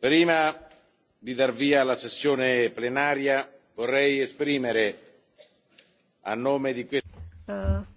prima di dar via alla sessione plenaria vorrei esprimere a nome di questa eh,